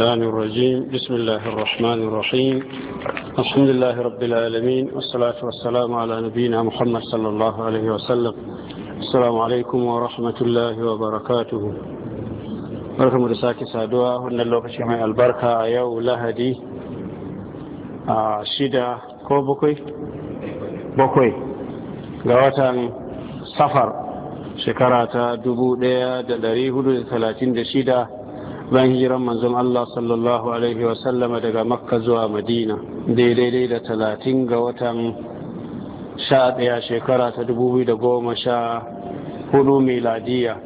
الرحمن الرجيم بسم الله الرحمن الرحيم الحمد لله رب العالمين والصلاة والسلام على نبينا محمد صلى الله عليه وسلم السلام عليكم ورحمة الله وبركاته barkamu da sake saduwa wannan lokaci mai albarka a yau lahadi a shida ko bakwai bakwai ga watan safar shekara ta 1436 bayan hiran manzon Allah sallallahu alaihi wasallama daga makka zuwa madina daidai da talatin ga watan sha daya shekara ta dubu da goma sha hudu miladiya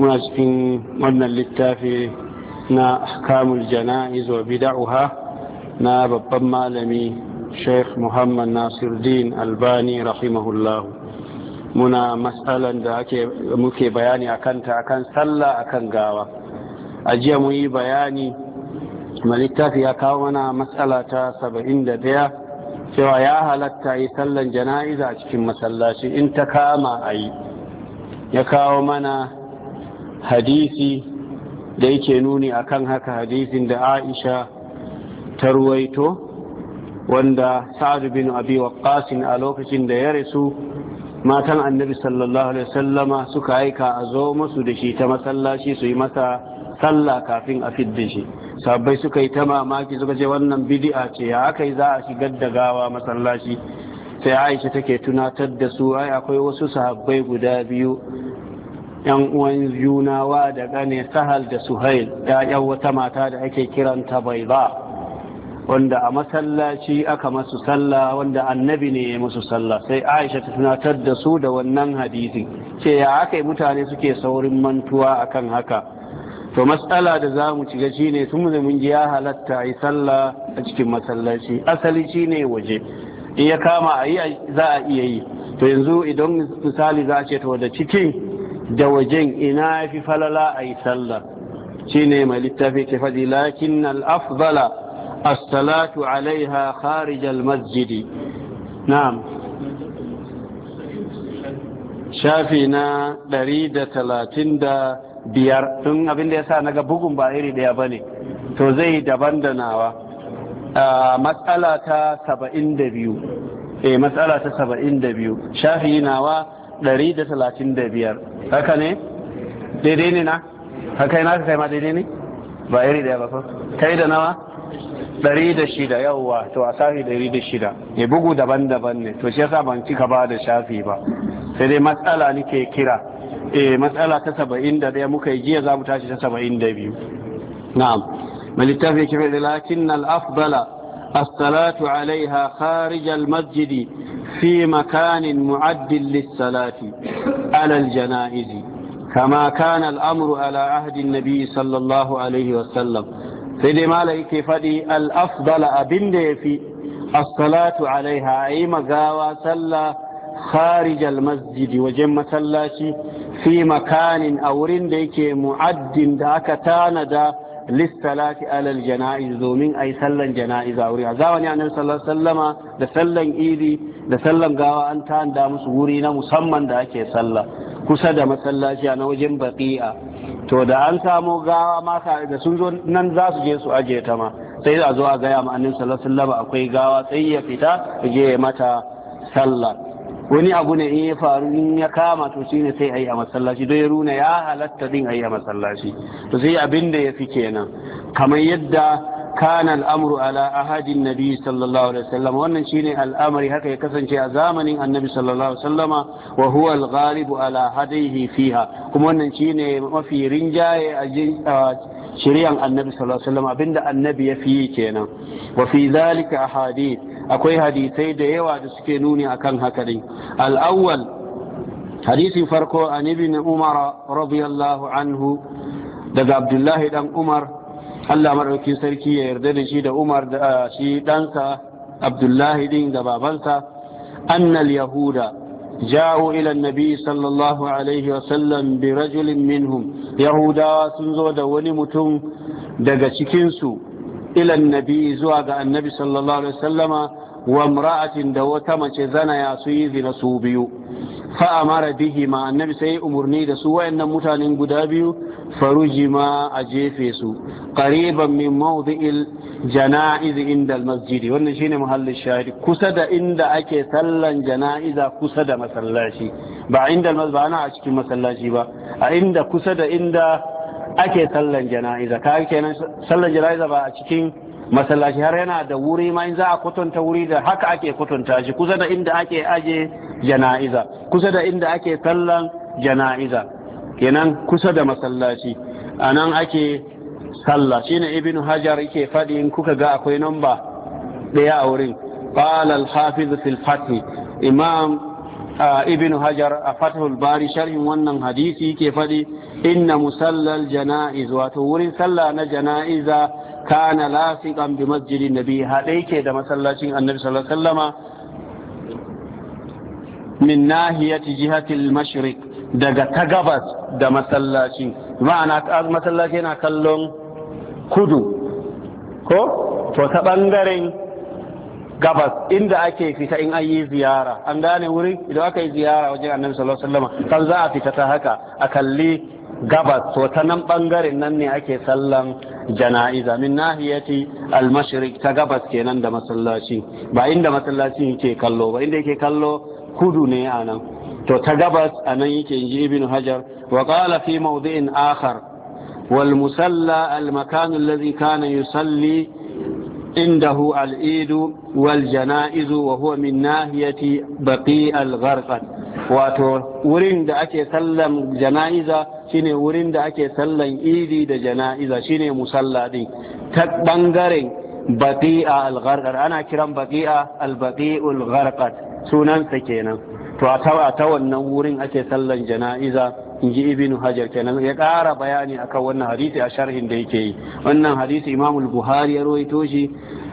muna cikin wannan littafi na kamun jana'iz wa bida'uha na babban malami sheikh muhammad Nasir din albani rahimahullahu muna matsalan da muke bayani a kanta akan sallah akan gawa a jiya mun yi bayani malittafi ya kawo mana matsala ta saba'in da daya cewa ya halatta yi sallan jana'iza a cikin masallaci in ta kama a yi ya kawo mana hadisi da yake nuni akan haka hadisin da aisha ta ruwaito wanda Sa'adu bin abi waqqas a lokacin da ya rasu matan annabi sallallahu alaihi sallama suka aika a zo masu da shi ta masallaci su yi masa sallah kafin a fidda shi sabbai suka yi ta mamaki suka ce wannan bid'a ce ya aka yi za a shigar da gawa masallaci sai aisha take tunatar da su ai akwai wasu sahabbai guda biyu yan uwan junawa da gane sahal da suhail ya wata mata da ake kiranta bai ba wanda a masallaci aka masu sallah wanda annabi ne ya masu sallah sai aisha ta tunatar da su da wannan hadisi ce ya aka yi mutane suke saurin mantuwa akan haka to matsala da za mu shiga shi ne tun da mun ji ya halatta yi sallah a cikin masallaci asali shi ne waje in ya kama a yi za a iya yi to yanzu idan misali za a ce to da cikin da wajen ina fi falala a yi sallah shi ne mai littafi ke faɗi lakin al-afdala الصلاة عليها خارج المسجد نعم شافينا دريدة تلاتين دا biyar tun abin da ya sa naga bugun ba iri daya ba ne to zai daban da nawa matsala ta saba'in da biyu matsala ta saba'in da biyu shafi nawa ɗari da talatin da biyar haka ne daidai ne na haka yana kai ma daidai ne ba iri daya ba kai da nawa ɗari da shida yawwa to a shafi ɗari da shida ya bugu daban-daban ne to shi yasa ban cika ba da shafi ba sai dai matsala nake kira eh matsala ta da ɗaya muka yi jiya za mu tashi ta saba'in da biyu na'am malittafi yake faɗi lakin al-afdala الصلاة عليها خارج المسجد في مكان معد للصلاة على الجنائز كما كان الأمر على عهد النبي صلى الله عليه وسلم sai dai mala yake faɗi al'afdala abin da ya fi as-salatu alaiha a yi magawa sallah kharijal masjidi wajen masallaci fi makanin a wurin da yake mu'addin da aka tanada lissalati alal jana'iz domin a yi sallan jana'iz a wuri a zamani annabi sallallahu sallama da sallan idi da sallan gawa an tanada musu wuri na musamman da ake sallah kusa da masallaci na wajen baqi'a to da an samo gawa ma da sun zo nan za su je su aje ta ma sai a zo a gaya ma annin sallallahu akwai gawa sai ya fita je mata sallah wani abu ne in ya faru in ya kama to shine sai ayi a masallaci don ya runa ya halatta din ayi a masallaci to sai abin da ya fi kenan kamar yadda kana al'amru ala ahadin nabi sallallahu alaihi wasallam wannan shine al'amari haka ya kasance a zamanin annabi sallallahu alaihi wasallama wa huwa al-ghalibu ala hadaihi fiha kuma wannan shine mafi rinjaye a shari'an annabi sallallahu alaihi wasallam abinda annabi ya fi kenan wa fi zalika ahadith akwai hadisai da yawa da suke nuni akan haka din al-awwal hadisin farko annabi na umar radiyallahu anhu daga abdullahi dan umar Allah maɗauki sarki ya yarda da shi da Umar da shi ɗansa Abdullahi din da babansa annal yahuda ja'u ila nabi sallallahu alaihi wa sallam bi rajulin minhum yahudawa sun zo da wani mutum daga cikinsu su ila zuwa ga annabi sallallahu alaihi wa sallama wa mura'atin da wata mace zana ya su yi zina su biyu fa amara bihi ma annabi sai umurni da su wayannan mutanen guda biyu faruji ma a jefe su qariban min mawdi'il jana'iz inda almasjid wannan shine muhallin shahidi kusa da inda ake sallan jana'iza kusa da masallaci ba inda ba ana a cikin masallaci ba a inda kusa da inda ake sallan jana'iza ka kenan sallan jana'iza ba a cikin masallaci har yana da wuri ma in za a kwatanta wuri da haka ake kwatanta shi kusa da inda ake aje jana'iza kusa da inda ake sallan jana'iza kenan kusa da masallaci a nan ake sallah shine ibnu hajar yake faɗi in kuka ga akwai namba ɗaya a wurin qala al-hafiz fil fath imam ibnu hajar a fathul bari sharhin wannan hadisi yake faɗi inna musallal jana'iz wato wurin sallah na jana'iza kana lafiqan bi masjidin nabi hade yake da masallacin annabi sallallahu alaihi wasallama min nahiyati jihati al-mashriq daga ta gabas da masallaci ma'ana masallaci yana kallon kudu ko to ta bangaren gabas inda ake fita in ayi ziyara an gane wuri idan aka yi ziyara wajen annabi sallallahu alaihi wasallama kan za a fita ta haka a kalli gabas to ta nan ɓangaren nan ne ake sallan jana'iza min nahiyati al ta gabas kenan da masallaci ba inda masallaci yake kallo ba inda yake kallo kudu ne a nan to ta gabas a nan yake inji ibn hajar wa qala fi mawdi'in akhar wal musalla al-makan alladhi kana yusalli عنده العيد والجنائز وهو من ناحية al الغرقد wato wurin da ake sallan jana'iza shine wurin da ake sallan idi da jana'iza shine musalla din ta bangaren baqi'a al-gharqad ana kiran baqi'a al-baqi'ul gharqad sunansa kenan to a ta wannan wurin ake sallan jana'iza inji ibn hajar kenan ya ƙara bayani akan wannan hadisi a sharhin da yake yi wannan hadisi al buhari ya rawaito shi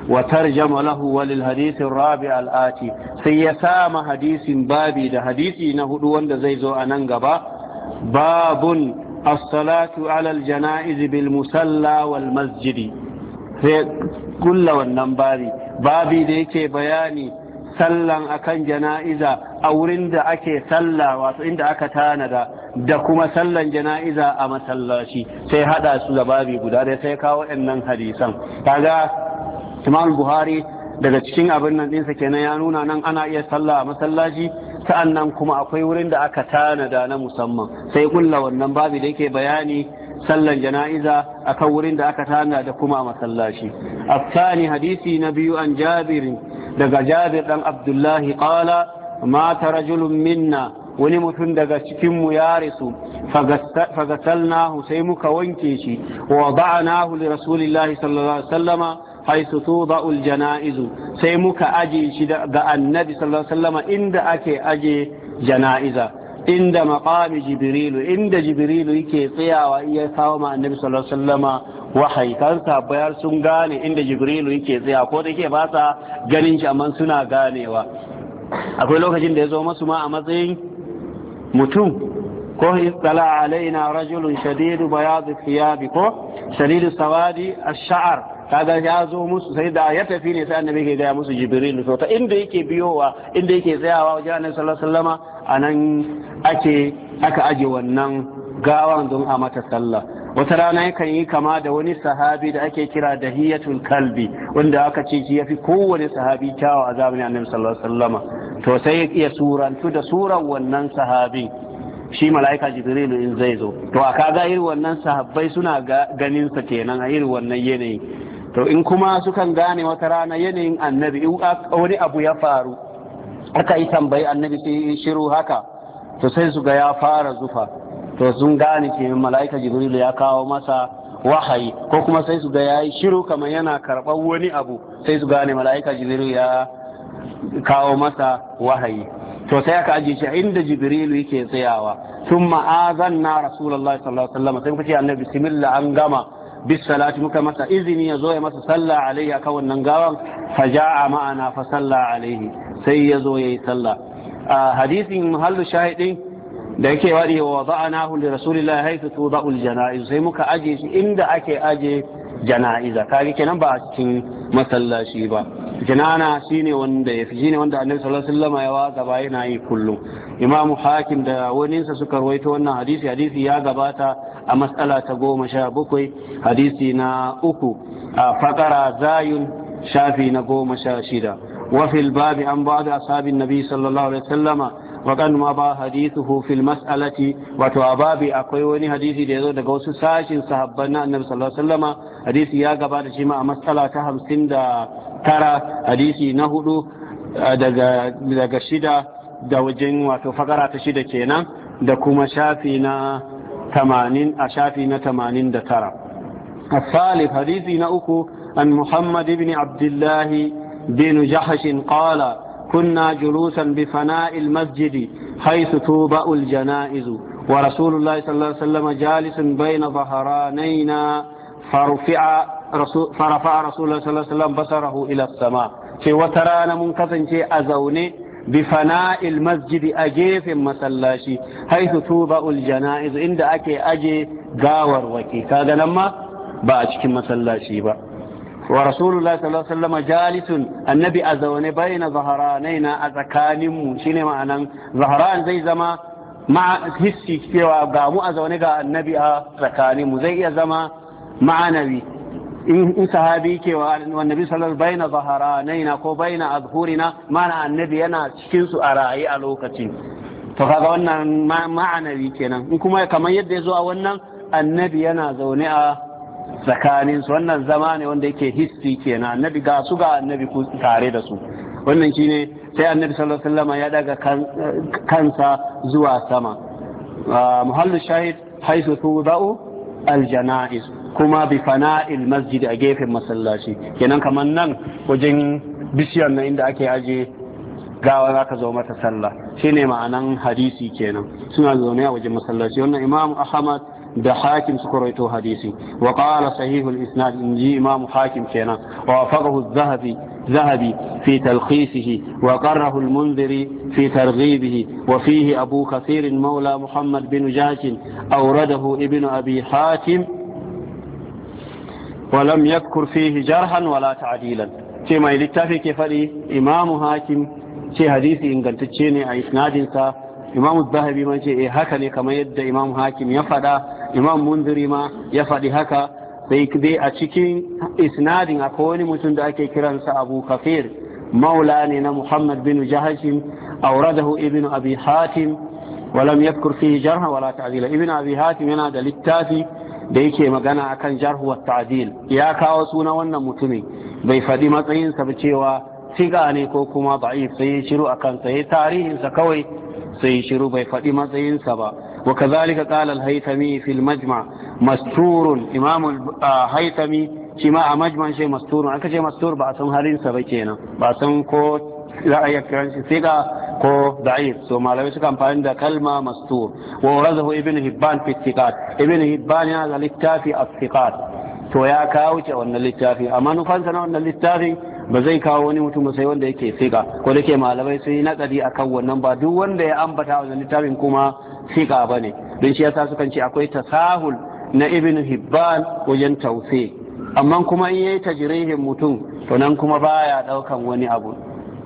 وترجم له وللحديث الرابع الآتي سيسام حديث بابي ده حديثي نهدو وند زيزو أننقبا باب الصلاة على الجنائز بالمسلى والمسجد كل والنمباري بابي ديكي بياني sallan kan jana'iza a wurin da ake salla wato inda aka tanada da kuma sallan jana'iza a masallaci sai hada su da babi guda dai sai kawo waɗannan hadisan kaga imam buhari daga cikin abin nan ɗinsa kenan ya nuna nan ana iya sallah a masallaci sa'an nan kuma akwai wurin da aka tanada na musamman sai kulla wannan babu da yake bayani sallan jana'iza akan wurin da aka tana da kuma masallaci aftani hadisi na biyu an jabirin daga jabir dan abdullahi qala mata rajulun minna wani mutum daga cikinmu ya rasu fagasalnahu sai muka wanke shi wa hu li rasulillahi sallallahu alaihi wasallama haisu Ba'ul janaizu sai muka aje shi ga annabi sallallahu alaihi wasallama inda ake aje jana'iza inda maqami jibrilu inda jibrilu yake tsayawa iya kawo ma annabi sallallahu alaihi wasallama wahayi kansa bayar sun gane inda jibrilu yake tsaya ko da yake ba sa ganin shi amma suna ganewa akwai lokacin da ya zo masu ma a matsayin mutum ko istala alaina rajulun shadidu bayadu thiyabi ko shadidu sawadi ash-sha'r kaga ya zo musu sai da ya tafi ne sai annabi ke gaya musu jibril da ta inda yake biyowa inda yake tsayawa wajen annabi sallallahu alaihi wasallama anan ake aka aje wannan gawan don a mata sallah wata rana yakan yi kama da wani sahabi da ake kira da hiyatul kalbi wanda aka ce shi yafi kowane sahabi kyawa a zamanin annabi sallallahu alaihi wasallama to sai ya iya surantu da suran wannan sahabi shi mala'ika jibril in zai zo to a kaga irin wannan sahabbai suna ganin sa kenan a irin wannan yanayi to in kuma sukan gane wata rana yanayin annabi wani abu ya faru aka yi tambayi annabi sai shiru haka to sai su ga ya fara zufa to sun gane ke mala'ika jibril ya kawo masa wahayi ko kuma sai su ga yayi shiru kamar yana karɓar wani abu sai su gane mala'ika jibril ya kawo masa wahayi to sai aka ajiye shi inda jibrilu yake tsayawa sun ma'azan na rasulallah sallallahu alaihi wasallam sai muka ce annabi bismillah an gama bisalati muka masa izini ya zo ya masa sallah alaihi akan wannan gawan faja'a ma'ana fa sallah alaihi sai ya zo yayi sallah hadisin mahallu shahidin da yake waɗi wa za'anahu li rasulillahi haythu tudau jana'iz sai muka aje shi inda ake aje jana'iza kage kenan ba a cikin masallaci ba janana shine wanda yafi shine wanda annabi sallallahu alaihi wasallam ya wazaba yana yi kullum imam hakim da sa suka rawaito wannan hadisi hadisi ya gabata a matsala ta goma sha bakwai hadisi na uku a fakara zayun shafi na goma sha shida وفي an عن بعض أصحاب النبي صلى الله magan ma ba hadithuhu fil mas'alati wato a babi akwai wani hadisi da yazo daga wasu sashen sahabban na annabi sallallahu alaihi wasallama hadisi ya gabata shi ma a matsala ta hamsin da tara hadisi na hudu daga shida da wajen wato fagara ta shida kenan da kuma shafi na tamanin a shafi na tamanin da tara asali hadisi na uku an muhammad عبد abdullahi bin jahashin قال كنا جلوسا بفناء المسجد حيث توبأ الجنائز ورسول الله صلى الله عليه وسلم جالس بين ظهرانينا فرفع رسول فرفع رسول الله صلى الله عليه وسلم بصره إلى السماء في وترانا منكسن شيء أزوني بفناء المسجد أجيف مسلاشي حيث توبأ الجنائز عند أكي أجي غاور وكي كذا لما ba a cikin masallaci ba wa rasulullahi sallallahu alaihi wasallam jalisun annabi a zaune baina zaharanaina a tsakanin shine ma'anan zaharan zai zama ma ga mu a zaune ga annabi a tsakanin zai iya zama ma'anawi in sahabi ke wa annabi sallallahu baina zaharanaina ko baina azhurina mana annabi yana cikinsu a rayi a lokacin to kaga wannan ma'anawi kenan in kuma kamar yadda ya zo a wannan annabi yana zaune a tsakaninsu wannan zama ne wanda yake hissi kenan annabi ga su ga annabi tare da su wannan shine sai annabi sallallahu alaihi wasallam ya daga kansa zuwa sama ah, muhallu shahid haisu tudau aljanaiz kuma bi fana'il masjid a gefen masallaci kenan kamar nan wajen bishiyar na inda ake aje gawa za ka zo mata sallah shine ma'anan hadisi kenan suna zaune a wajen masallaci wannan imam ahmad da hakim suka rawaito hadisi wa qala sahihul isnad inji imam hakim kenan wa faqahu zahabi zahabi fi talkhisihi wa qarrahu al munziri fi targhibihi wa fihi abu kasir maula muhammad bin jashin awradahu ibnu abi hatim ولم يذكر ce mai littafi ke شيء ما يلتفي كيف إمام هاكم شيء حديثي إن قلت شيء إسنادين إمام الذهبي ما شيء هكذا كما يد إمام هاكم يفعل imam munziri ma ya faɗi haka sai dai a cikin isnadin akwai wani mutum da ake kiransa abu kafir maula ne na muhammad bin jahashin auradahu ibn abi hatim walam yadkur fihi jarha wala ta'dila ibn abi hatim yana da littafi da yake magana akan jarhu wa ta'dil ya kawo suna wannan mutumin bai faɗi matsayinsa ba cewa siga ne ko kuma da'if sai shiru akan sa tarihinsa kawai sai shiru bai faɗi matsayinsa ba وكذلك قال الهيثمي في المجمع مستور إمام الهيثمي شما مجمع شيء مستور أنك شيء مستور بعثم هارين سبيكينا بعثم كو لا يكرن ثقة كو ضعيف سو ما لو سكان فان كلمة مستور وورده ابن هبان في الثقات ابن هبان هذا للتافي الثقات to ya kawo ce wannan littafi a manufansa na wannan littafi ba zai kawo wani mutum sai wanda yake fika ko da ke malamai sun yi a akan wannan ba duk wanda ya ambata wannan littafin kuma fika ba ne don shi yasa sukan ce akwai tasahul na ibn hibban wajen tausi amma kuma in yayi tajrihin mutum to nan kuma baya daukan wani abu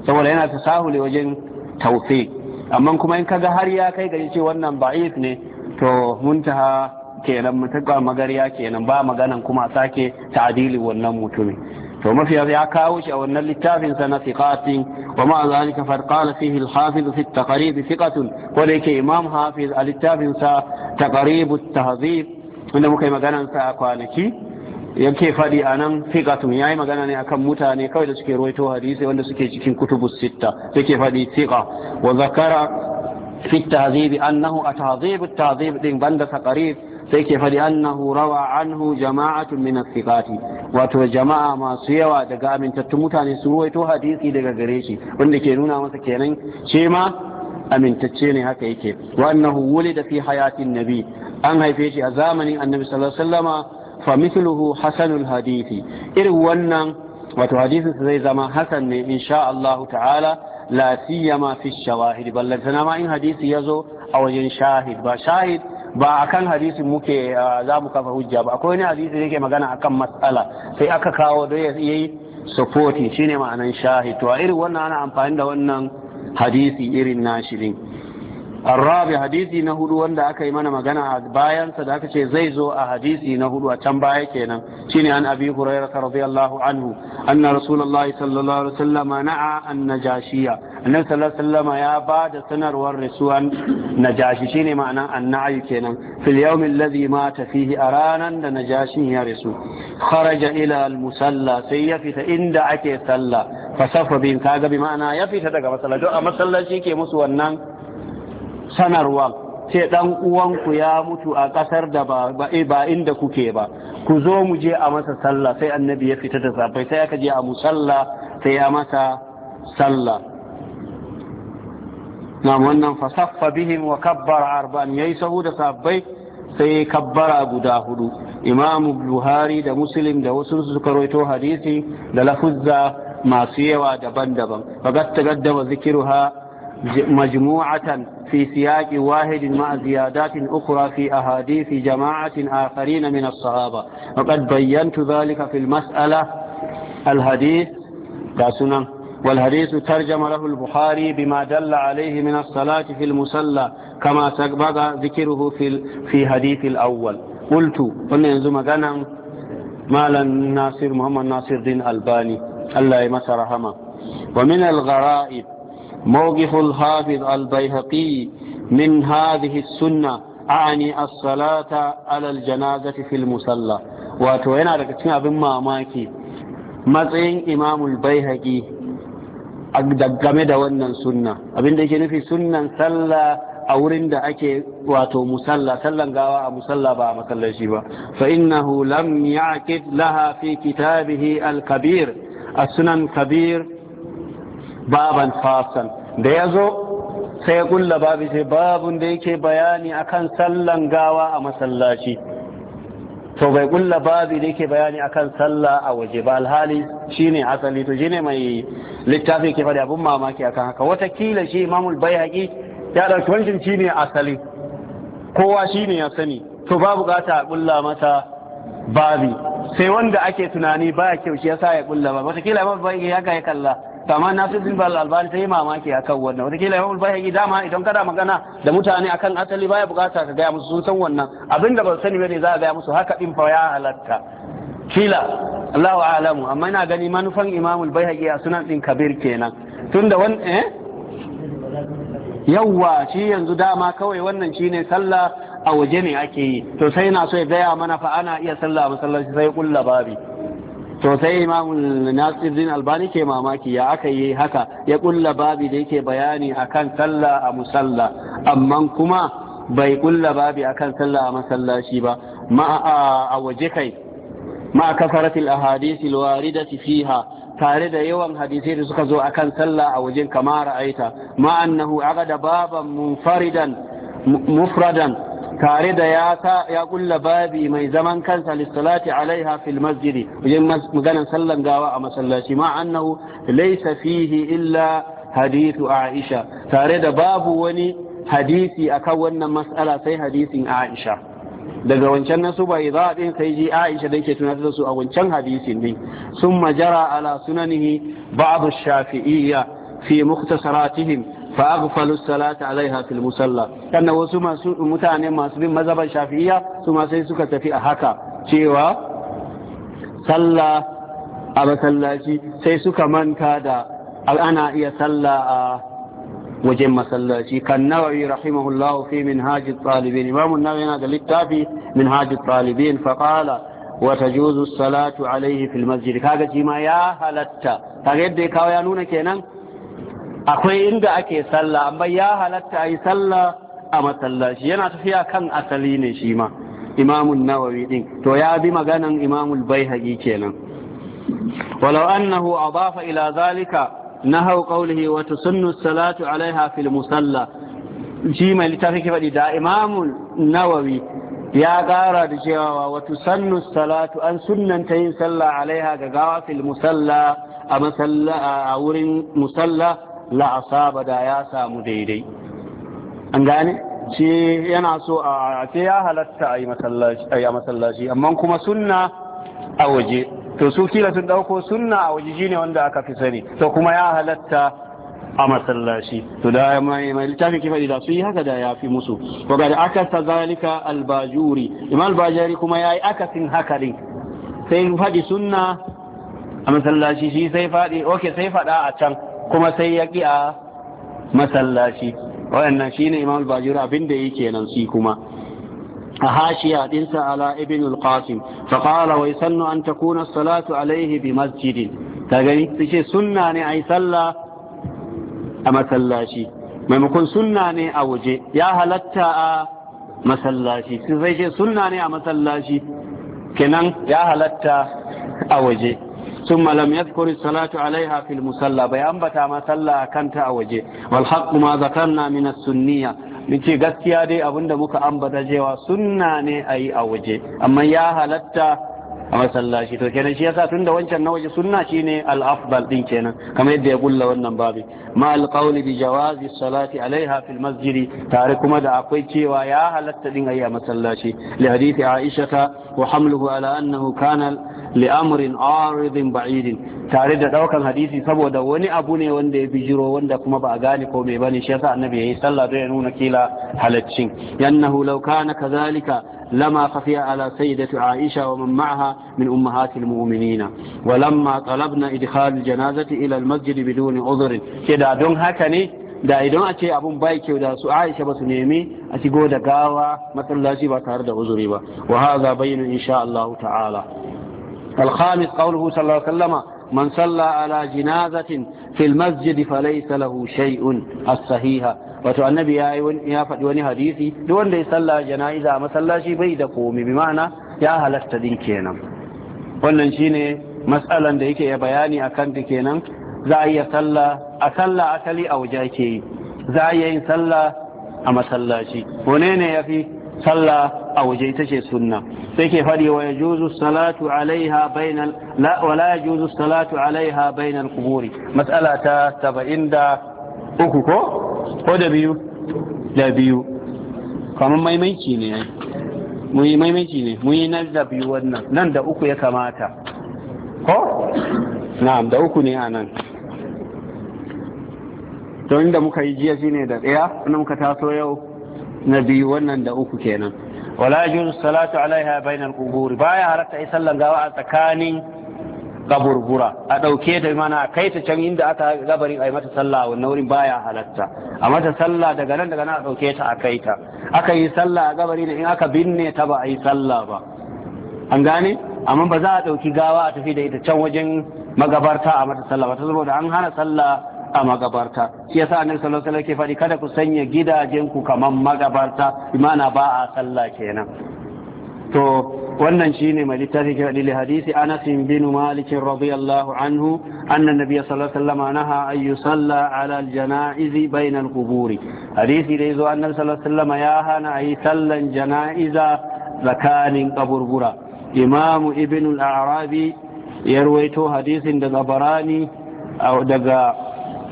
saboda yana tasahul wajen tausi amma kuma in kaga har ya kai gari ce wannan ba'if ne to muntaha kenan mutaka magariya kenan ba maganan kuma sake ta'adili wannan mutumin to mafiya ya kawo shi a wannan littafin sa na thiqati wa ma zalika fa qala fihi al-hafiz fi at-taqrib thiqatun ko da yake imam hafiz a littafin sa taqrib at-tahzib wanda muka yi magana sa a kwanaki yake faɗi a nan thiqatun yayi magana ne akan mutane kawai da suke ruwaito hadisi wanda suke cikin kutubus sitta yake faɗi thiqa wa zakara fi at-tahzib annahu at-tahzib at-tahzib din banda taqrib sai ke faɗi annahu rawa anhu jama'atun min thiqati wato jama'a masu yawa daga amintattun mutane su ruwaito hadisi daga gare shi wanda ke nuna masa kenan ce ma amintacce ne haka yake wa annahu wulida fi hayatin nabi an haife shi a zamanin annabi sallallahu alaihi wasallama fa mithluhu hasanul hadisi irin wannan wato hadisin zai zama hasan ne insha Allah ta'ala la siyama fi shawahid ballantana ma in hadisi yazo a wajen shahid ba shahid ba a kan hadisi muke uh, za mu kafa hujja ba akwai wani hadisi da yake magana akan matsala sai aka kawo da ya yi supporting shine ma'anan shahi to a irin wannan ana amfani da wannan hadisi irin nashi din الرابع حديثي نهدو وند أكي من مغانا بايان صدق شيء زيزو أحديثي نهدو أتنباي كينا شيني عن أبي هريرة رضي الله عنه أن رسول الله صلى الله عليه وسلم نعى النجاشية النبي صلى الله عليه وسلم يا بعد سنر والرسوان نجاشي شيني معنى النعي كينا في اليوم الذي مات فيه أرانا نجاشي يا رسول خرج إلى المسلى سيفت إند أكي سلى فسف بين كاغا بمعنى يفت تقى مسلى مسلى شيكي مسوى النام sanarwa sai dan uwanku ya mutu a kasar da ba eh, ba inda kuke ba ku zo mu je a masa sallah sai annabi ya fita da safai sai aka je a sallah sai ya masa sallah na wannan fasaffa bihim wa kabbara arba'an yayi sahu da safai sai kabbara guda hudu Imam buhari da muslim da wasu suka rawaito hadisi da lafuzza masu yawa daban-daban faqad zikiru ha. مجموعة في سياق واحد مع زيادات أخرى في أحاديث جماعة آخرين من الصحابة وقد بينت ذلك في المسألة الحديث والحديث ترجم له البخاري بما دل عليه من الصلاة في المصلى كما سبق ذكره في في حديث الأول قلت قلنا ينزم غنم مالا ناصر محمد ناصر الدين الباني الله يمسى رحمه ومن الغرائب موقف الحافظ البيهقي من هذه السنة أعني الصلاة على الجنازة في المصلى yana على cikin abin mamaki matsayin imamul baihaqi a game da wannan sunna abinda yake nufi sunnan sallah a wurin da ake wato musalla sallan gawa a musalla ba a masallaci ba fa innahu lam ya'qid laha fi kitabihi al-kabir as-sunan kabir baban fasan da ya zo sai ya gulla babu sai babun da yake bayani akan sallan gawa a masallaci to bai gulla babu da yake bayani akan sallah a waje ba alhali shine asali to shine mai littafi ke faɗi abun mamaki akan haka kila shi imamul bayhaqi ya ɗauki wancan shine asali kowa shine ya sani to babu gata a gulla mata babi sai wanda ake tunani ba kyau shi yasa ya kulla ba kila imamul bayhaqi ya ga ya kalla kama Nasiruddin Al-Albani ta yi mamaki akan wannan wataƙila Imam al dama idan kana magana da mutane akan asali baya bukata ka gaya musu sun san wannan da ba sani bane za a gaya musu haka din fa ya halatta kila Allahu a'lamu amma ina gani manufan Imam bai a sunan din kabir kenan tunda wannan eh yawwa shi yanzu dama kawai wannan shine sallah a waje ne ake yi to sai na so ya gaya mana fa ana iya sallah masallaci sai kulla babi to sai imam nasiruddin albani ke mamaki ya aka yi haka ya kulla babi da yake bayani akan sallah a musalla amma kuma bai kulla babi akan sallah a masallaci ba ma a waje kai ma kafaratil ahadith da fiha tare da yawan hadisai da suka zo akan sallah a wajen kama ra'aita ma annahu da baban mufradan tare da ya kulla babi mai zaman kansa lissalati alaiha fil masjidi wajen maganan sallan gawa a masallaci ma annahu laysa fihi illa hadithu aisha tare da babu wani hadisi akan wannan mas'ala sai hadisin aisha daga wancan nasu bai za din sai ji aisha da ke tunatar da su a wancan hadisin din sun majara ala sunanihi ba'd shafi'iyya fi mukhtasaratihim fa aghfalu salata alaiha fil musalla sannan wasu masu mutane masu bin mazhaban shafi'iyya su ma sai suka tafi a haka cewa sallah a masallaci sai suka manta da ana iya sallah a wajen masallaci kan nawawi rahimahullahu fi minhaj talibin imam an-nawawi yana da littafi minhaji talibin fa qala wa tajuzu salatu alaihi fil masjid kaga shi ma ya halatta kaga yadda ya kawo ya nuna kenan akwai inda ake sallah amma ya halatta a yi sallah a masallaci yana tafiya kan asali ne shi ma imamun nawawi din to ya bi maganan imamul baihaqi kenan walau annahu adafa ila zalika nahau qawlihi wa tusunnu salatu alaiha fil musalla shi mai littafi ke da nawawi ya ƙara da cewa wa tusannu salatu an sunnanta yin sallah alaiha ga gawa fil musalla a wurin musalla la asaba da ya samu daidai an gane yana so a ce ya halatta a yi masallaci amma kuma sunna a waje to su kila sun dauko sunna a waje shine wanda aka fi sani to kuma ya halatta a masallaci to da mai littafin kifari da su yi haka da ya fi musu Ko ga aka ta zalika albajuri imam albajuri kuma ya yi akasin haka din sai faɗi sunna a masallaci shi sai faɗi ok sai faɗa a can kuma sai ya ƙi a masallaci waɗannan shine ne imam al abinda abin da yake nan shi kuma a hashiya ɗinsa ala ibn al-qasim fa qala wa sannu an takuna salatu Alayhi bi masjidin ta gani sai sunna ne ai sallah a masallaci maimakon sunna ne a waje ya halatta a masallaci sai sunna ne a masallaci kenan ya halatta a waje ثم لم يذكر الصلاة عليها في المصلى بيان بتا ما صلى كانت أوجه والحق ما ذكرنا من السنية muke gaskiya dai abinda muka ambata cewa sunna ne a yi a waje amma ya halatta a masallaci to kenan shi yasa tunda wancan na waje sunna shi al-afdal din kenan kamar yadda ya kulla wannan babi ma al-qawli bi jawazi salati alaiha fil masjidi tare kuma da akwai cewa ya halatta din ayi a masallaci li hadisi aisha wa hamluhu ala annahu kana li'amrin aridin ba'idin tare da daukan hadisi saboda wani abu ne wanda ya bijiro wanda kuma ba a gane ko mai bane shi yasa annabi yayi sallah don ya nuna kila halaccin yannahu law kana kadhalika lama khafiya ala sayyidati aisha wa man ma'aha min ummahatil mu'minina wa lamma talabna idkhal janazati ila al-masjid biduni udhrin kida don haka ne da idan a ce abun bai kyau da su Aisha ba su nemi a shigo da gawa masallaci ba tare da uzuri ba wa haza bayyana insha Allah ta'ala الخامس قوله صلى الله عليه وسلم من صلى على جنازة في المسجد فليس له شيء الصحيحة wato annabi ya yi ya faɗi wani hadisi duk wanda ya salla jana'iza a masallaci bai da komi ma'ana ya halarta din kenan wannan shine matsalar da yake ya bayani akan ta kenan za a iya salla a salla asali a waje ke yi za a iya yin sallah a masallaci wane ne ya fi sallah a waje ita ce sunna sai ke faɗi wa yajuzu salatu alaiha bainal la Wala, la yajuzu salatu alaiha bainal quburi mas'ala ta 73 uku ko ko da biyu da biyu kamar maimaiki ne mu yi maimaiki ne mu yi na da biyu wannan nan da uku ya kamata ko na'am da uku ne anan. don inda muka yi jiya shine da ɗaya inda muka taso yau na biyu wannan da uku kenan wala yajuzu salatu alaiha bainal qubur baya halatta ai sallan gawa a tsakanin kaburbura a ɗauke da mana kai ta can inda aka gabarin ai mata sallah wannan wurin baya halatta a mata sallah daga nan daga nan a ɗauke ta a kai ta aka yi sallah a gabari da in aka binne ta ba a yi sallah ba an gane amma ba za a ɗauki gawa a tafi da ita can wajen magabarta a mata sallah ba ta saboda an hana sallah a magabarta shi yasa annabi sallallahu alaihi wasallam ke faɗi kada ku sanya gidajen ku kaman magabarta imana ba a sallah kenan to wannan shine mai littafi ke faɗi hadisi Anas bin Malik radiyallahu anhu anna nabiy sallallahu alaihi wasallam naha an yusalla ala al-janaiz bayna hadisi da yazo annabi sallallahu alaihi wasallam ya hana ayi sallan janaiza tsakanin kaburbura imam ibn al-arabi ya ruwaito hadisin daga barani daga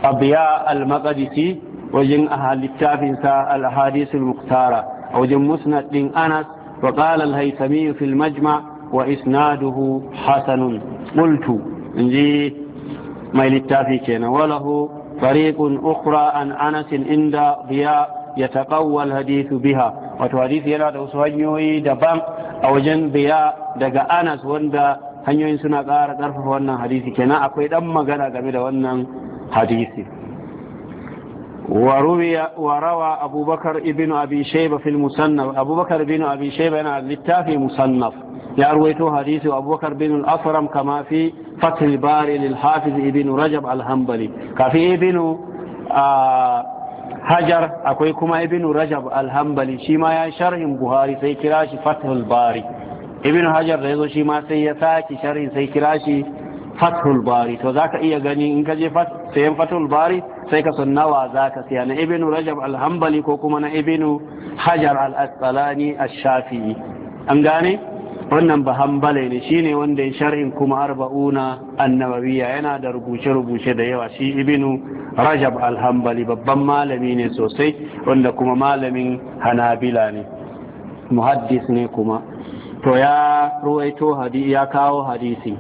abiya al-maqdisi wajen littafinsa al-hadisul muktara a wajen musnad din anas wa qala al-haytami fi al-majma wa isnaduhu hasanun inji mai littafi kenan walahu fariqun ukhra an anas inda biya yataqawwa al-hadith biha wato hadisi yana da wasu hanyoyi daban a wajen biya daga anas wanda hanyoyin suna ƙara ƙarfafa wannan hadisi kenan akwai ɗan magana game da wannan حديثه وروي وروى أبو بكر ابن أبي شيبة في المصنف أبو بكر ابن أبي شيبة أنا في مصنف يرويته حديث أبو بكر بن الأصرم كما في فتح الباري للحافظ ابن رجب الهنبلي كفي ابن آه حجر akwai كما ibnu رجب alhambali shi ma ya فتح الباري sai kira shi fathul bari ibnu hajar fathul bari to zaka iya gani in ka je sayan fathul bari sai ka san nawa zaka siya na ibnu rajab al-hanbali ko kuma na ibnu hajar al-asqalani ash-shafi'i an gane wannan ba hanbale ne shine wanda ya sharhin kuma arba'una annabawiya yana da rubuce rubuce da yawa shi ibnu rajab al-hanbali babban malami ne sosai wanda kuma malamin hanabila ne muhaddis ne kuma to ya ruwaito ya kawo hadisi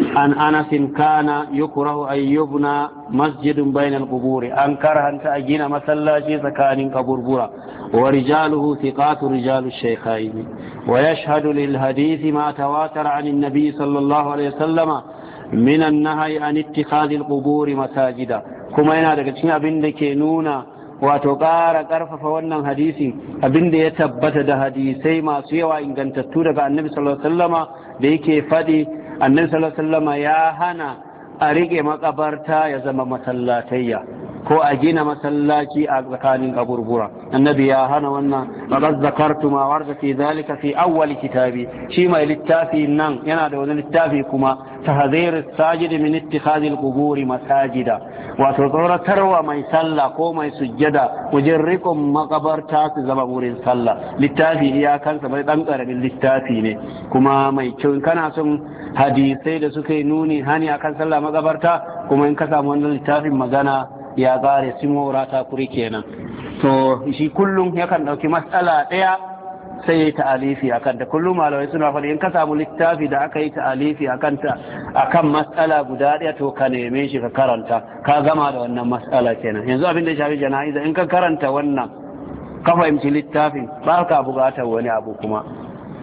an anasin kana yukrahu an yubna masjidun bainal quburi an karhanta a gina masallaci tsakanin kaburbura wa rijaluhu thiqatu rijalu shaykhain wa yashhadu lil hadithi ma tawatara an an-nabi sallallahu alaihi wasallama min an-nahyi an ittikhadhi al masajida kuma yana daga cikin abin da ke nuna wato ƙara ƙarfafa wannan hadisi abinda ya tabbata da hadisai masu yawa ingantattu daga annabi sallallahu alaihi wasallama da yake faɗi annabi sallallahu ya hana a riƙe makabarta ya zama masallatayya ko a gina masallaci a tsakanin kaburbura annabi ya hana wannan faqad zakartu ma warda fi zalika fi awwal kitabi shi mai littafi nan yana da wani littafi kuma tahzir sajid min ittikhadhi al-qubur masajida wato tsoratarwa mai sallah ko mai sujjada wajen rikon makabarta su zama wurin sallah littafi iyakansa bai dan karamin littafi ne kuma mai kyau kana son hadisai da suka nuni hani akan sallah makabarta kuma in ka samu wannan littafin magana ya gare simora ta kuri kenan to shi kullum yakan ɗauki matsala ɗaya sai ya yi ta'alifi a kanta kullum malamai suna faɗi in ka samu littafi da aka yi ta'alifi a kanta a kan matsala guda ɗaya to ka neme shi ka karanta ka gama da wannan matsala kenan yanzu abin da shafi jana'iza in ka karanta wannan ka fahimci littafin ba ka buƙatar wani abu kuma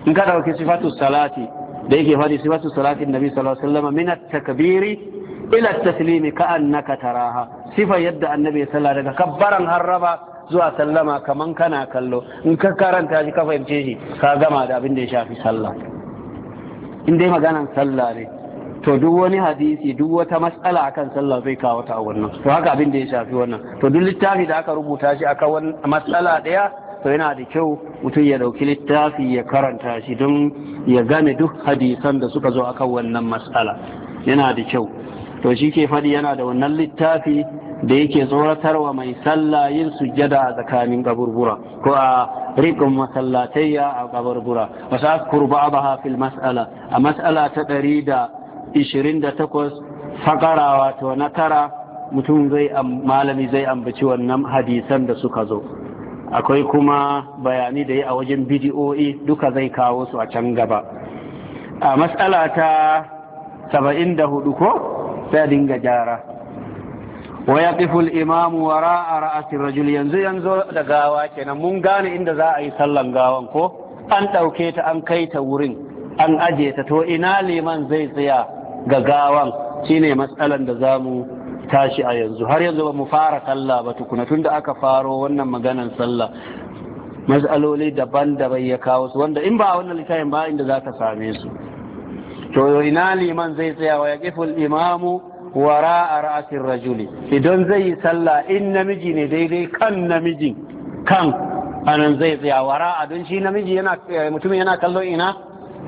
in ka ɗauki sifatu salati da yake faɗi sifatu salatin nabi sallallahu alaihi wasallam min at-takbiri ila taslimi ka annaka taraha sifa yadda annabi sallah daga kabbaran harraba zuwa sallama kaman kana kallo in ka karanta shi ka fahimce shi ka gama da abin da ya shafi sallah in dai maganan sallah ne to duk wani hadisi duk wata matsala akan sallah zai kawo ta a wannan to haka abin da ya shafi wannan to duk littafi da aka rubuta shi akan matsala daya to yana da kyau mutum ya dauki littafi ya karanta shi don ya gane duk hadisan da suka zo akan wannan matsala yana da kyau to shi ke faɗi yana da wannan littafi da yake tsoratarwa mai sallah yin sujjada a tsakanin kaburbura ko a riƙin masallatayya a kaburbura wasu askur ha fil mas'ala a mas'ala ta ɗari da ishirin da takwas fakara wato na tara mutum zai malami zai ambaci wannan hadisan da suka zo akwai kuma bayani da ya a wajen bidiyo'i duka zai kawo su a can gaba a mas'ala ta saba'in da hudu ko sai ga gyara wa yaqifu al-imam rajul yanzu yanzu da gawa kenan mun gane inda za a yi sallan gawan ko an ɗauke ta an kai ta wurin an aje ta to ina liman zai tsaya ga gawan shine matsalan da za mu tashi a yanzu har yanzu ba mu fara sallah ba tukuna tun da aka faro wannan maganan sallah matsaloli daban-daban ya kawo su wanda in ba wannan littafin ba inda za ka same su to ina liman zai tsaya wa yaqifu al-imamu wara ra'asin rajuli idan zai yi sallah in namiji ne daidai kan namiji kan anan zai tsaya wara don shi namiji yana eh, mutumin yana kallo ina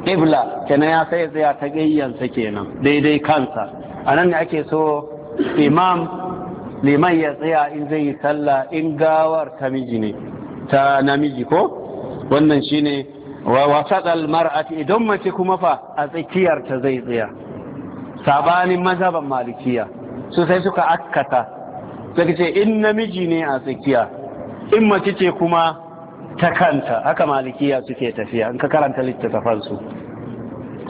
qibla kenan ya sai tsaya ta gayyansa kenan daidai kansa anan ne ake so imam liman ya tsaya in zai yi sallah in gawar ta miji ne ta namiji ko wannan shine wa wasaɗal mar'ati idan mace kuma fa a tsakiyar ta zai tsaya sabanin mazhaban malikiya su sai suka akkata suka ce in namiji ne a tsakiya in mace ce kuma ta kanta haka malikiya suke tafiya in ka karanta littattafansu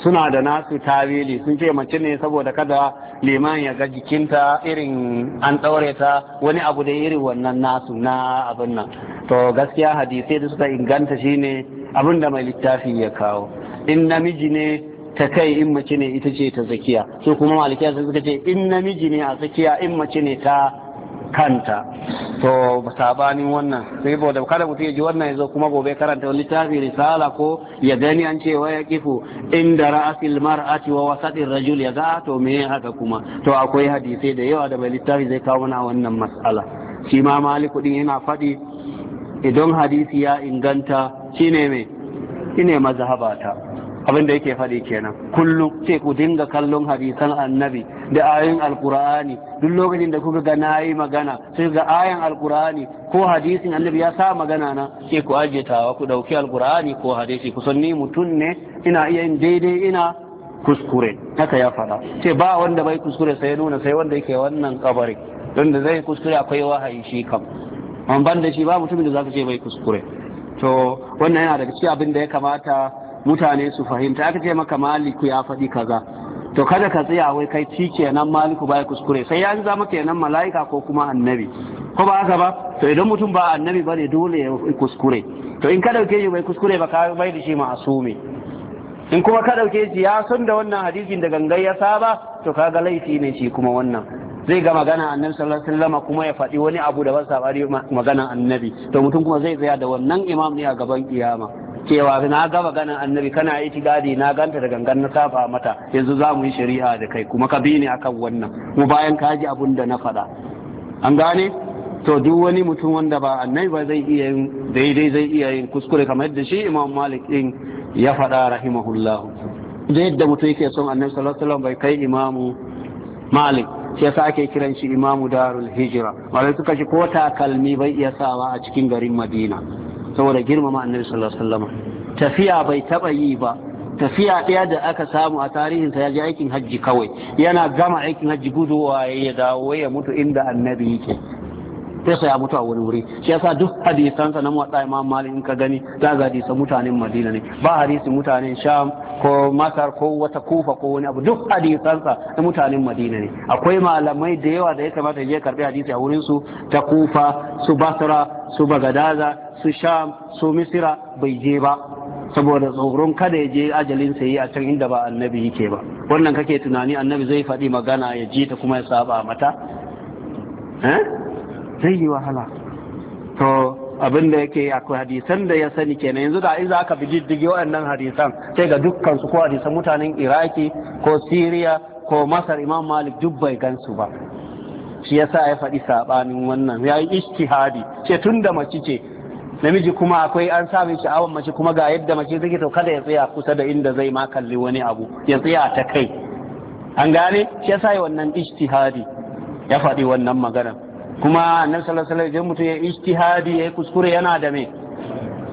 suna da nasu tawili sun ce mace ne saboda kada liman ya ga jikinta irin an ɗaure ta wani abu da irin wannan nasu na abin nan to gaskiya hadisai da suka inganta shine abin da mai littafi ya kawo in namiji ne ta kai in mace ne ita ce ta tsakiya su kuma malikiya sun suka ce in namiji ne a tsakiya in mace ne ta kanta to sabanin wannan sai da kada mutum ya ji wannan ya zo kuma gobe karanta wani littafi risala ko ya gani an ce waya kifu inda ra'asil mar'ati wa wasatir rajul ya ga to me haka kuma to akwai hadisai da yawa da mai littafi zai kawo mana wannan mas'ala shi ma maliku din yana faɗi idan hadisi ya inganta Shi ne mai ine mazhabata abin da yake faɗi kenan kullum ce ku dinga kallon hadisan annabi da ayoyin alkur'ani duk lokacin da kuka ga nayi magana sai ga ayan alkur'ani ko hadisin annabi ya sa magana na ce ku tawa ku ɗauki alkur'ani ko hadisi ku sanni mutum ne ina iya yin daidai ina kuskure haka ya faɗa ce ba wanda bai kuskure sai nuna sai wanda yake wannan kabari don da zai kuskure akwai wahayi shi kam ban da shi ba mutumin da zaka ce bai kuskure to wannan yana daga cikin abin da ya kamata mutane su fahimta aka ce maka maliku ya faɗi kaza to kada ka tsaya wai kai ci kenan maliku bai kuskure sai ya zama kenan mala'ika ko kuma annabi ko ba haka ba to idan mutum ba annabi bane dole ya kuskure to in ka dauke shi bai kuskure ba ka bai da shi ma'asumi in kuma ka dauke shi ya san da wannan hadisin da gangai ya saba to kaga laifi ne shi kuma wannan zai ga magana annabi sallallahu alaihi wasallam kuma ya faɗi wani abu da ba sabari magana annabi to mutum kuma zai tsaya da wannan imam ne a gaban kiyama cewa na ga magana annabi kana gadi na ganta da gangan na safa mata yanzu za mu yi shari'a da kai kuma ka bi ni akan wannan mu bayan ka ji abun da na faɗa an gane to duk wani mutum wanda ba annabi ba zai iya yin daidai zai iya yin kuskure kamar yadda shi imam malik din ya faɗa rahimahullahu da yadda mutum yake son annabi sallallahu alaihi wasallam bai kai imamu malik shi yasa ake kiran shi imamu darul hijira malai suka shi ko takalmi bai iya sawa a cikin garin madina saboda girmama annabi sallallahu alaihi wasallam tafiya bai taba yi ba tafiya ɗaya da aka samu a tarihinsa ya je aikin hajji kawai yana gama aikin hajji guduwa ya dawo ya mutu inda annabi yake sai sai ya mutu a wani wuri shi yasa duk hadisansa na muwadda imam malik in ka gani za ga hadisan mutanen madina ne ba hadisin mutanen sham ko masar ko wata kufa ko wani abu duk hadisansa na mutanen madina ne akwai malamai da yawa da ya kamata ya karbi hadisi a wurin su ta kufa su basra su bagadaza su sham su misira bai je ba saboda tsoron kada ya je ajalin yi a can inda ba annabi yake ba wannan kake tunani annabi zai faɗi magana ya ji ta kuma ya saba mata eh? zai yi wahala to abin da yake akwai hadisan da ya sani kenan yanzu da iza aka bididdige waɗannan hadisan sai ga dukkan su ko hadisan mutanen iraki ko siriya ko masar imam malik duk bai gansu ba shi yasa ya faɗi saɓanin wannan ya yi ishtihadi ce tun da mace ce namiji kuma akwai an sami sha'awar mace kuma ga yadda mace take to kada ya tsaya kusa da inda zai ma kalli wani abu ya tsaya ta kai an gane shi yasa ya wannan ishtihadi ya faɗi wannan maganar kuma annabi sallallahu alaihi wasallam mutum ya ijtihadi ya kuskure yana da me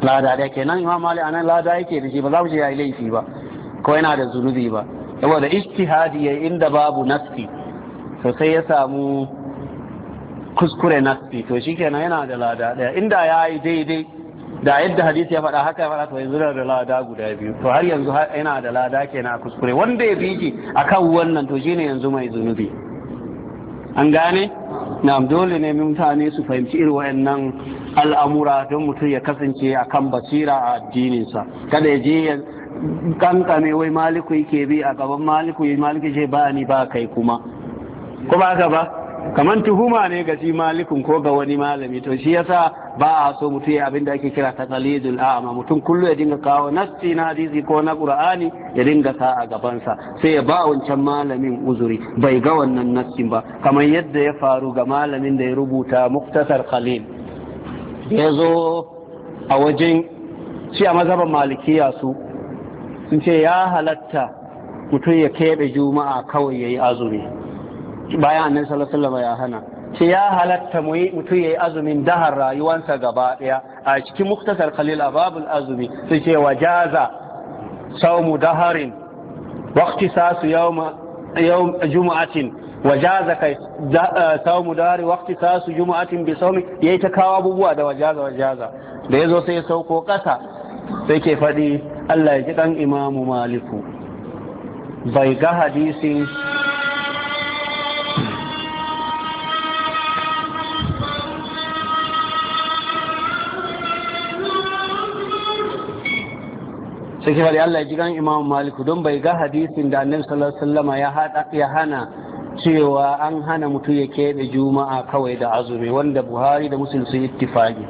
lada da kenan imam mali anan lada yake da shi ba za mu ce ya laifi ba ko yana da zunubi ba da ijtihadi ya inda babu nasti to sai ya samu kuskure nasti to shikenan yana da lada daya inda ya yi daidai da yadda hadisi ya faɗa haka ya faɗa to yanzu da lada guda biyu to har yanzu yana da lada kenan kuskure wanda ya bi shi akan wannan to shine yanzu mai zunubi an gane na'am dole ne mutane su fahimci irin wayannan al'amura don mutum ya kasance a kan basira a addininsa kada ya je ya wai maliku yake bi a gaban maliku yi maliku ce ba ni ba kai kuma ko ba ka ba kamar tuhuma ne ga shi malikun ko ga wani malami to shi yasa ba a so mutum ya abin da ake kira ta taqalidul a'ma mutum kullu ya dinga kawo nasti na hadisi ko na qur'ani ya dinga sa a gabansa sai ya ba wancan malamin uzuri bai ga wannan nasti ba kamar yadda ya faru ga malamin da ya rubuta muktasar khalil ya zo a wajen shi a mazhaban malikiya su sun ce ya halatta mutum ya keɓe juma'a kawai ya yi azumi bayan annan sallallahu alaihi ya hana ce ya halatta mu mutum yi azumin dahar rayuwarsa gaba daya a cikin muktasar khalil a babu azumi Su ce wajaza saumu daharin waqti sasu yawma juma'atin, jumu'atin wajaza kai eh, saumu dahari waqti sasu juma'atin bi saumi yi ta kawo abubuwa da wajaza wajaza da zo sai ya sauko kasa sai ke faɗi Allah ya ji ɗan imamu maliku bai ga hadisin sai bari Allah ya ji gan Imam Malik don bai ga hadisin da Annabi sallallahu alaihi wasallam ya ya hana cewa an hana mutu ya keɓe juma'a kawai da azumi wanda Buhari da Muslim sun ittifaqi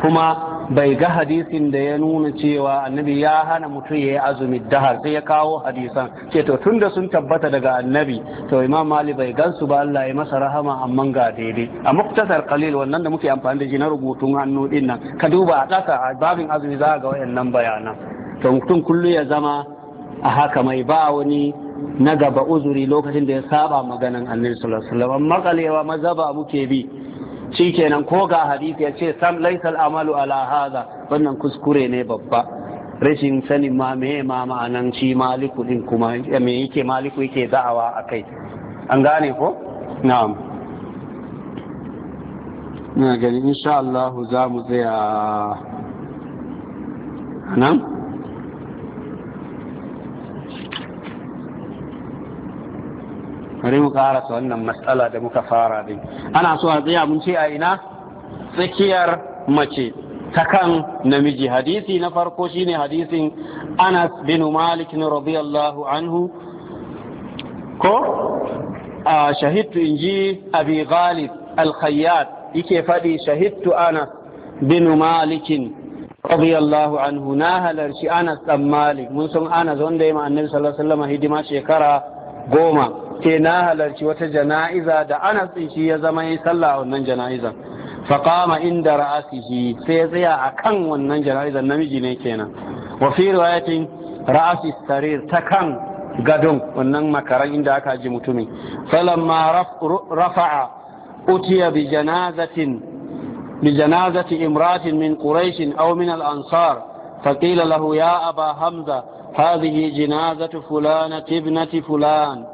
kuma bai ga hadisin da ya nuna cewa annabi ya hana mutu ya yi azumi dahar sai ya kawo hadisan ce to tun da sun tabbata daga annabi to imam mali bai gansu ba Allah ya masa rahama amma ga daidai a muktasar kalil wannan da muke amfani da shi na rubutun hannu dinnan ka duba a a babin azumi za ga wayannan bayanan to mutum kullu ya zama a haka mai ba wani na gaba uzuri lokacin da ya saba maganan annabi sallallahu alaihi wasallam makalewa mazaba muke bi shikenan ko ga hadisi ya ce sam laisal amalu ala hadha wannan kuskure ne babba rashin sanin ma me ma ma'anan shi maliku din kuma me yake maliku yake da'awa akai an gane ko na'am na gani insha Allah za mu tsaya nan bari mu karasa wannan matsala da muka fara din ana so a tsaya mun ce a ina tsakiyar mace ta kan namiji hadisi na farko shine hadisin Anas bin Malik radiyallahu anhu ko a shahidtu inji abi ghalib al-khayyat yake faɗi shahidtu Anas bin Malik radiyallahu anhu na halarci Anas dan Malik mun san Anas wanda ya ma sallallahu alaihi wasallam hidima shekara goma e na halarci wata jana'iza da ana din shi ya zama yi sallah a wannan jana'izan faƙama inda ra'asihi sai ya tsaya kan wannan jana'izan namiji ne kenan wa fi riwayatin ra'asi sarir ta kan gadon wannan makaran inda aka ji mutumin falamma rafa'a utiya bi janazatin bi janazati imratin min quraish aw min al-ansar فقيل له يا أبا حمزة هذه جنازة فلانة ابنة فلان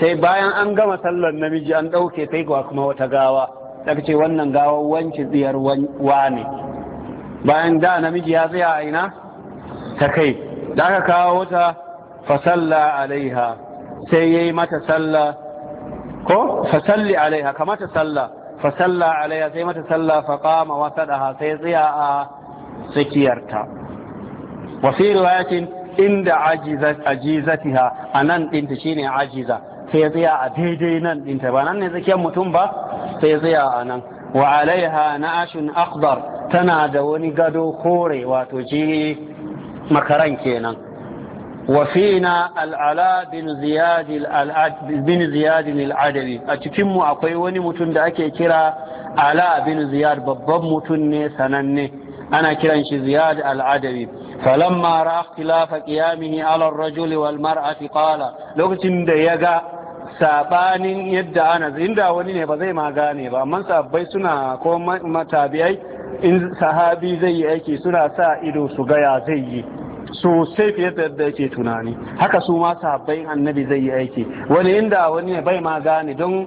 sai bayan an gama sallar namiji an ɗauke sai ga kuma wata gawa daga ce wannan gawa wanci tsiyar wane bayan da namiji ya tsaya a ina ta kai da aka kawo wata fasalla alaiha sai ya yi mata salla ko fasalli alaiha ka mata salla fasalla alaiha sai mata salla faƙama wasa da sai tsaya a tsakiyarta wasu riwayatin inda ajizatiha a nan ɗinta shine ajiza sai ya a daidai nan dinta ba nan ne tsakiyar mutum ba sai a nan wa alaiha na ashin akhbar tana da wani gado kore wato ji makaran kenan wafina al'ala bin ziyadin al'adari a cikinmu akwai wani mutum da ake kira ala bin ziyad babban mutum ne sananne ana kiran shi ziyad al'adari falamma ra'a ikhtilafa qiyamihi ala ar-rajuli wal mar'ati qala lokacin da ya ga sabanin yadda ana inda wani ne ba zai ma gane ba amma sabbai suna ko matabiyai in sahabi zai yi aiki suna sa ido su gaya zai yi sosai fiye da yadda yake tunani haka su ma sahabbai annabi zai yi aiki wani inda wani ne bai ma gane don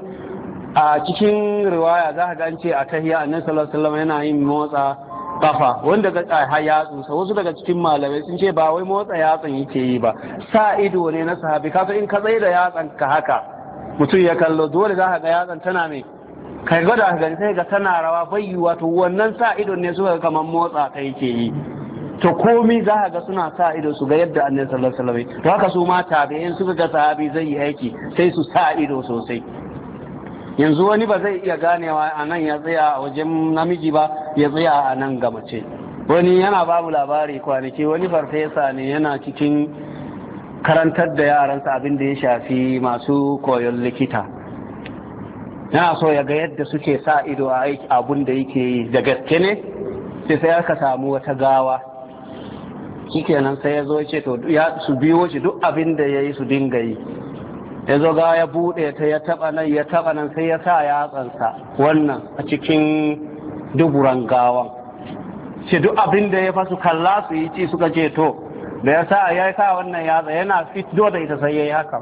a cikin riwaya za ka gance a tahiya annabi sallallahu alaihi yana yin motsa kafa wanda ga yatsu sa wasu daga cikin malamai sun ce ba wai motsa yatsun yake yi ba sa ido ne na sahabi kaza in ka tsaye da yatsan ka haka mutum ya kallo dole za ka ga yatsan tana mai kai gwada a gani sai ga tana rawa bai wato wannan sa ido ne suka kamar motsa ta yake yi to komi za ka ga suna sa ido su ga yadda annabi sallallahu alaihi wasallam to haka su ma tabi'in suka ga sahabi zai yi aiki sai su sa ido sosai yanzu wani ba zai iya ganewa a nan ya tsaya a wajen namiji ba ya tsaya a nan ga mace wani yana babu labari kwanaki wani farfesa ne yana cikin karantar da yaransa abin da ya shafi masu koyon likita na so ya ga yadda suke sa ido a abin da yake yi da gaske ne sai sai aka samu wata gawa shikenan sai ya zo ce to ya su biyo shi duk abin da ya yi su dinga yi ya zo ga ya buɗe ta ya taɓa nan ya taɓa nan sai ya sa yatsansa wannan a cikin duburan gawan ce duk abin da ya fasu kalla su yi ci suka ce to da ya sa ya sa wannan tsaye yana fito da ita sai ya yi haka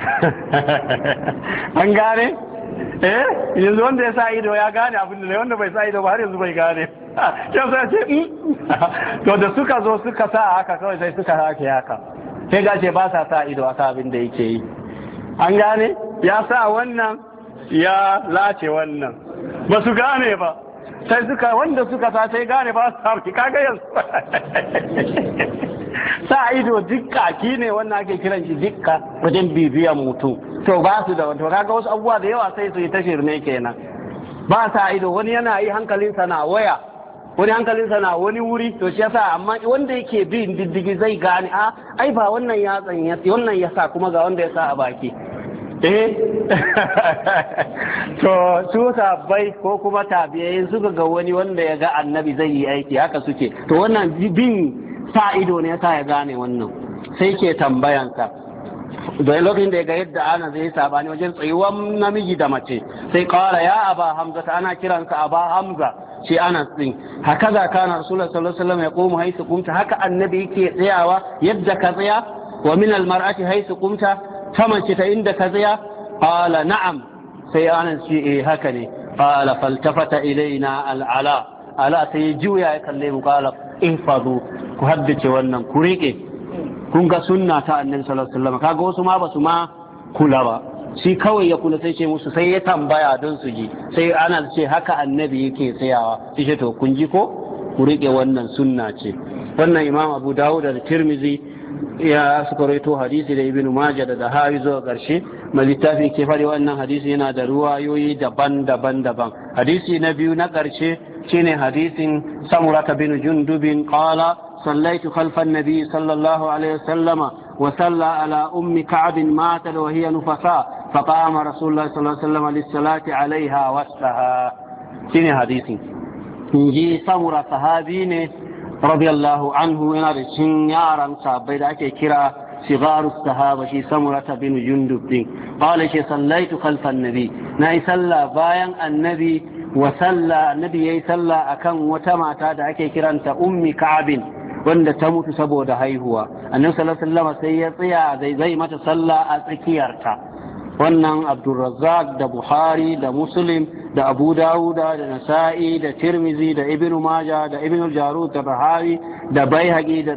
an gane eh yanzu wanda ya sa ido ya gane abin da wanda bai sa ido ba har yanzu bai gane ya sa ce mm. to da suka zo suka sa haka kawai sai suka haka haka sai gace ba sa sa ido a abin da yake yi an gane ya sa wannan ya lace wannan ba su gane ba sai suka wanda suka sa sai gane ba su harki kaga yanzu sa ido dukka ki ne wannan ake kiran shi dukka wajen bibiyan mutum to ba su da wato kaga wasu abubuwa da yawa sai su yi tashir ne kenan ba sa ido wani yana yi hankalinsa na waya wani hankalinsa na wani wuri to shi yasa amma wanda yake bin diddigi zai gane a ah, ai ba wannan ya wannan ya sa kuma ga wanda ya sa a baki eh to su sabai ko kuma tabiyayin suka ga wani wanda ya ga annabi zai yi aiki haka suke to wannan bin sa ido ne sa ya gane wannan sai ke tambayansa da lokacin da ya ga yadda ana zai sabani wajen tsayuwan namiji da mace sai kara ya aba hamza ta ana kiransa aba hamza shi ana tsin haka za na rasulullah sallallahu alaihi ya koma haisu kumta haka annabi yake tsayawa yadda ka tsaya wa min almar'ati haisu kumta kamance ta inda ka tsaya ƙala na'am sai anan ce eh haka ne ƙala faltafata ilaina al'ala ala sai juya ya kalle mu in ihfazu ku haddace wannan ku riƙe, kun ga sunna ta annabi sallallahu alaihi wasallam kaga wasu ma ba su ma kula ba shi kawai ya kula sai ce musu sai ya tambaya don su ji sai ana ce haka annabi yake tsayawa shi ce to kun ji ko ku riƙe wannan sunna ce wannan imam abu dawud da tirmizi ya suka rawaito hadisi da ibn majah da hawi zuwa karshe mai littafi ke fari wannan hadisi yana da ruwayoyi daban-daban daban hadisi na biyu na karshe shine hadisin samurata bin jundubin qala صليت خلف النبي صلى الله عليه وسلم وصلى على أم كعب ماتت وهي نفساء فقام رسول الله صلى الله عليه وسلم للصلاة عليها shine شنو حديثي نجي سمرة صحابي radiyallahu anhu yana da cin yaran sabai da ake kira sigaru sahaba shi samurata bin jundub din qala shi sallaitu khalfan nabi nayi salla bayan annabi wa sallah annabi yayi sallah akan wata mata da ake kiranta ummi kabin wanda ta mutu saboda haihuwa annabi sallallahu alaihi wasallam sai ya tsaya zai mata sallah a tsakiyarta wannan abdulrazzaq da buhari da muslim da abu dawuda da nasa'i da tirmizi da ibn maja da ibn jaru da rahawi da baihaqi da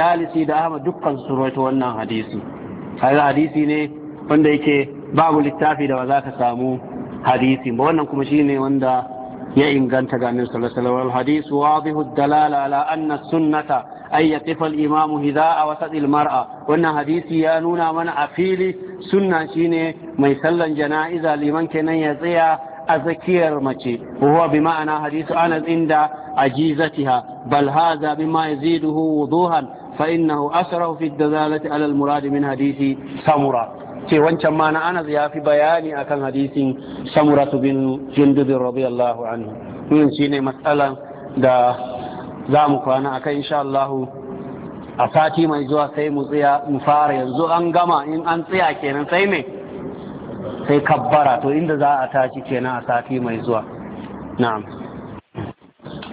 yalisi da ahmad dukkan su rawaito wannan hadisi kaga hadisi ne wanda yake babu littafi da ba za ka samu hadisi ba wannan kuma shine wanda ya inganta ganin salasalawar sallallahu alaihi wasallam wadihu dalala ala sunnata ay yaqifa al-imam hidha'a wasat wannan hadisi ya nuna mana a fili sunna shine mai sallan jana'iza liman kenan ya tsaya a zakiyar mace huwa bi ma'ana hadisu anas inda ajizatiha bal hadha bima yaziduhu wuduhan fa innahu asrahu fi ad-dalalati ala al-murad min hadisi samura ce wancan ma'ana na anas bayani akan hadisin samuratu bin jundubin radiyallahu anhu yin shine matsalan da za mu kwana akai insha Allah a sati mai zuwa sai mu tsaya mu fara yanzu an gama in an tsaya kenan sai me sai kabbara to inda za a tashi kenan a sati mai zuwa na'am